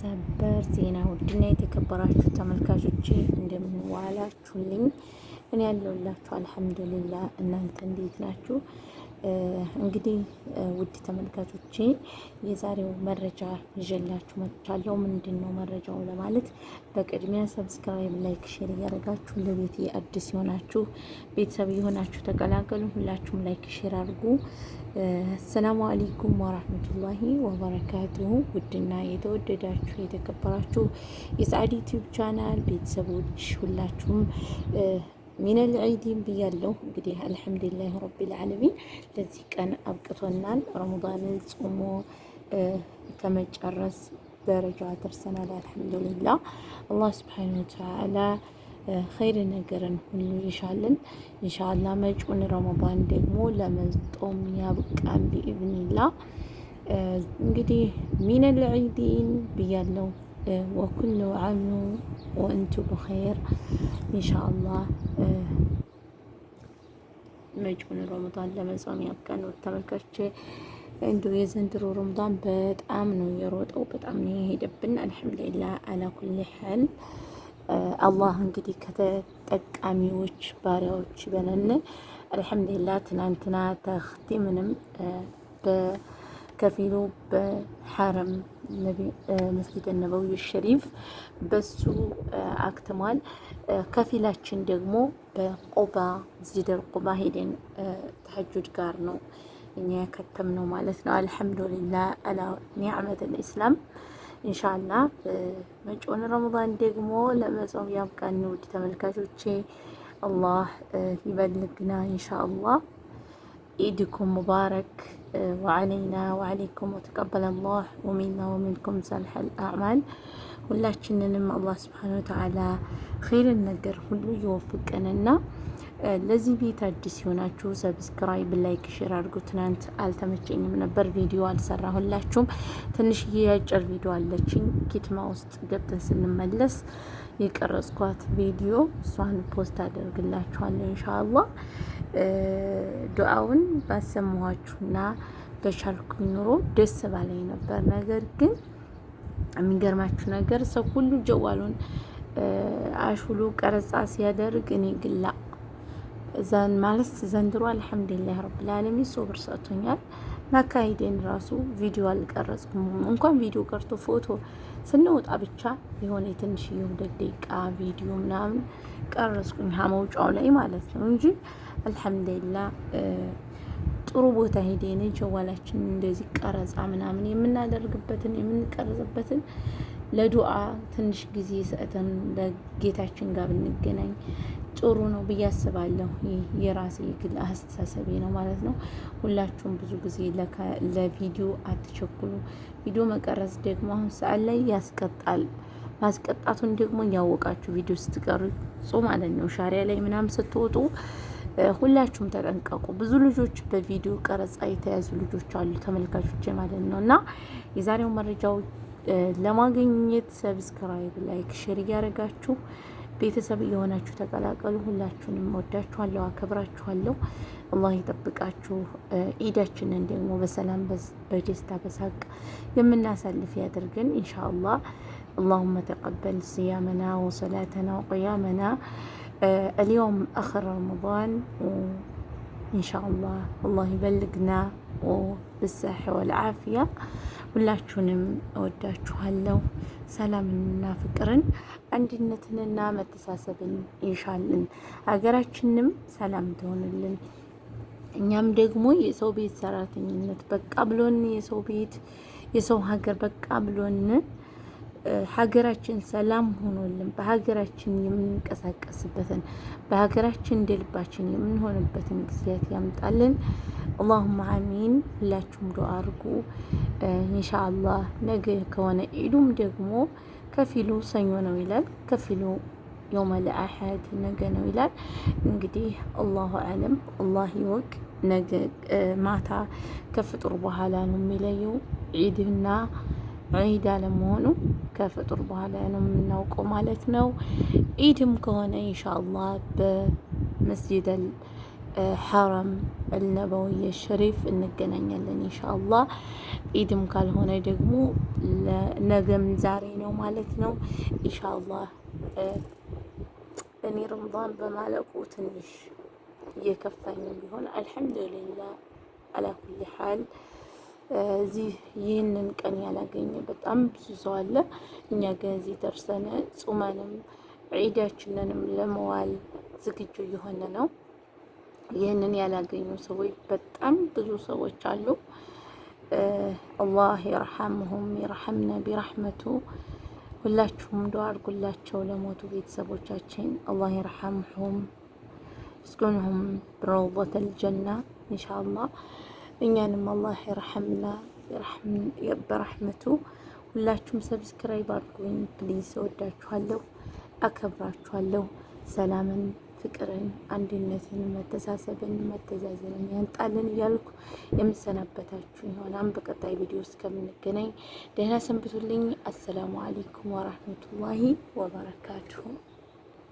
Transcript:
ሰበር ዜና ውድና የተከበራችሁ ተመልካቾች እንደምንዋላችሁልኝ፣ እኔ ያለሁላችሁ አልሐምዱሊላ። እናንተ እንዴት ናችሁ? እንግዲህ ውድ ተመልካቾቼ የዛሬው መረጃ ይዤላችሁ መጥቻለሁ። ምንድን ነው መረጃው ለማለት በቅድሚያ ሰብስክራይብ፣ ላይክ፣ ሼር እያደረጋችሁ ለቤት አዲስ የሆናችሁ ቤተሰብ የሆናችሁ ተቀላቀሉ። ሁላችሁም ላይክ ሼር አድርጉ። አሰላሙ አሌይኩም ወራህመቱላሂ ወበረካቱሁ። ውድና የተወደዳችሁ የተከበራችሁ የሰዓድ ዩቲዩብ ቻናል ቤተሰቦች ሁላችሁም من العيدين بيالو قديها الحمد لله رب العالمين الذي كان أبقتنا رمضان صومو كما جرس درجة ترسنا الحمد لله الله سبحانه وتعالى خير نقر نقول إن شاء الله إن شاء الله ما يكون رمضان دمو لما تقوم يا بإذن الله قدي من العيدين بيالو ወኩሉ ዓኑ ወእንቱ ብኸይር ኢንሻአላ መጪውን ረመዳን ለመጾም ያብቃን። ተመልካቾቼ እንዲሁ የዘንድሮ ረመዳን በጣም ነው የሮጠው፣ በጣም ነው የሄደብን። አልሐምዱሊላህ አላ ኩሊ ሐል አላህ እንግዲህ ከተጠቃሚዎች ባሪያዎች በለን አልሐምዱሊላህ ትናንትና ምንም በከፊሉ በሐረም መስጂድ ነበዊ ሸሪፍ በሱ አክትሟል። ከፊላችን ደግሞ በቆባ ዚደር ቆባ ሄደን ተሐጁድ ጋር ነው እኛ ያከተምነው ማለት ነው። አልሐምዱሊላህ አላ ኒዕመት ልእስላም እንሻላ መጪውን ረመዳን ደግሞ ለመጾም ያብቃን። ውድ ተመልካቾቼ አላህ ይበልግና እንሻ አላህ ኢድኩም ሙባረክ ወአለይና ወአለይኩም ወተቀበለ አላህ ወሚና ወሚንኩም ሳልሐል አዕማል። ሁላችንንም አላህ ስብሓነ ወተዓላ ኸይርን ነገር ሁሉ ይወፍቀንና ለዚህ ቤት አዲስ የሆናችሁ ሰብስክራይብ፣ ላይክ፣ ሼር አድርጉ። ትናንት አልተመቸኝም ነበር ቪዲዮ አልሰራሁላችሁም። ትንሽዬ የአጭር ቪዲዮ አለችኝ ኪትማ ውስጥ ገብተን ስንመለስ የቀረጽኳት ቪዲዮ እሷን ፖስት አደርግላችኋለሁ ኢንሻአላህ። ዱዓውን ባሰማኋችሁና በቻልኩኝ ኑሮ ደስ ባለኝ ነበር። ነገር ግን የሚገርማችሁ ነገር ሰው ሁሉ ጀዋሉን አሹሉ ቀረጻ ሲያደርግ እኔ ግላ ዘን ማለት ዘንድሮ አልሐምዱሊላህ ረብልዓለሚን ሶብር ሰጥቶኛል። መካሄዴን ራሱ ቪዲዮ አልቀረጽኩም። እንኳን ቪዲዮ ቀርቶ ፎቶ ስንወጣ ብቻ የሆነ የትንሽዬ ሁለት ደቂቃ ቪዲዮ ምናምን ቀረጽኩኝ መውጫው ላይ ማለት ነው እንጂ አልሐምዱሊላ ጥሩ ቦታ ሄደን ጀዋላችን እንደዚህ ቀረጻ ምናምን የምናደርግበትን የምንቀረጽበትን ለዱዓ ትንሽ ጊዜ ሰጥተን ለጌታችን ጋር ብንገናኝ ጥሩ ነው ብዬ አስባለሁ። የራሴ የግል አስተሳሰቤ ነው ማለት ነው። ሁላችሁም ብዙ ጊዜ ለቪዲዮ አትቸኩሉ። ቪዲዮ መቀረጽ ደግሞ አሁን ሰዓት ላይ ያስቀጣል። ማስቀጣቱን ደግሞ እያወቃችሁ ቪዲዮ ስትቀርጹ ማለት ነው ሻሪያ ላይ ምናምን ስትወጡ ሁላችሁም ተጠንቀቁ። ብዙ ልጆች በቪዲዮ ቀረጻ የተያዙ ልጆች አሉ ተመልካቾች ማለት ነው። እና የዛሬው መረጃው ለማግኘት ሰብስክራይብ፣ ላይክ፣ ሼር እያደረጋችሁ ቤተሰብ እየሆናችሁ ተቀላቀሉ። ሁላችሁንም ወዳችኋለሁ፣ አከብራችኋለሁ። አላህ ይጠብቃችሁ። ኢዳችንን ደግሞ በሰላም በደስታ በሳቅ የምናሳልፍ ያድርገን ኢንሻአላህ። اللهم تقبل صيامنا وصلاتنا وقيامنا اليوم آخر رمضان وإن شاء الله الله يبلغنا ብሳሐ ወልዓፍያ። ሁላችሁንም እወዳችኋለሁ። ሰላምንና ፍቅርን አንድነትንና መተሳሰብን ይሻልን። ሀገራችንም ሰላም ትሆንልን። እኛም ደግሞ የሰው ቤት ሰራተኝነት በቃ ብሎን የሰው ቤት የሰው ሀገር በቃ ብሎን ሀገራችን ሰላም ሆኖልን በሀገራችን የምንቀሳቀስበትን በሀገራችን እንደልባችን የምንሆንበትን ጊዜያት ያምጣልን። አላሁማ አሚን። ሁላችሁም ዱአ አድርጉ ኢንሻአላህ። ነገ ከሆነ ኢዱም ደግሞ ከፊሉ ሰኞ ነው ይላል፣ ከፊሉ የውመል አሐድ ነገ ነው ይላል። እንግዲህ አላሁ አለም አላህ ይወቅ። ነገ ማታ ከፍጡር በኋላ ነው የሚለየው ዒድና ዒድ አለመሆኑ ከፍጡር በኋላ ነው የምናውቀው ማለት ነው። ኢድም ከሆነ ኢንሻአላህ በመስጂደል ሐረም አልነበውይ ሸሪፍ እንገናኛለን ኢንሻአላህ። ኢድም ካልሆነ ደግሞ ነገም ዛሬ ነው ማለት ነው ኢንሻአላህ። እኔ ረመዳን በማለቁ ትንሽ እየከፋኝ ቢሆን አልሐምዱሊላህ አላ ኩሊ ሐል እዚህ ይህንን ቀን ያላገኘ በጣም ብዙ ሰው አለ። እኛ ግን እዚህ ደርሰን ጹመንም ዒዳችንንም ለመዋል ዝግጁ የሆነ ነው። ይህንን ያላገኙ ሰዎች በጣም ብዙ ሰዎች አሉ። አላህ ይርሐምሁም ይርሐምነ ቢረሕመቱ። ሁላችሁም ዱዓ አድርጉላቸው ለሞቱ ቤተሰቦቻችን አላህ ይርሐምሁም እስኩንሁም ብረውበተል አልጀና ኢንሻአላህ። እኛንም አላህ ይርሐምና በረሕመቱ። ሁላችሁም ሰብስክራይብ አድርጉኝ ፕሊዝ። እወዳችኋለሁ፣ አከብራችኋለሁ። ሰላምን ፍቅርን፣ አንድነትን፣ መተሳሰብን፣ መተዛዘንን ያንጣልን እያልኩ የምሰናበታችሁ ይሆናል። በቀጣይ ቪዲዮ እስከምንገናኝ ደህና ሰንብቱልኝ። አሰላሙ አለይኩም ወራህመቱላሂ ወበረካቱሁ።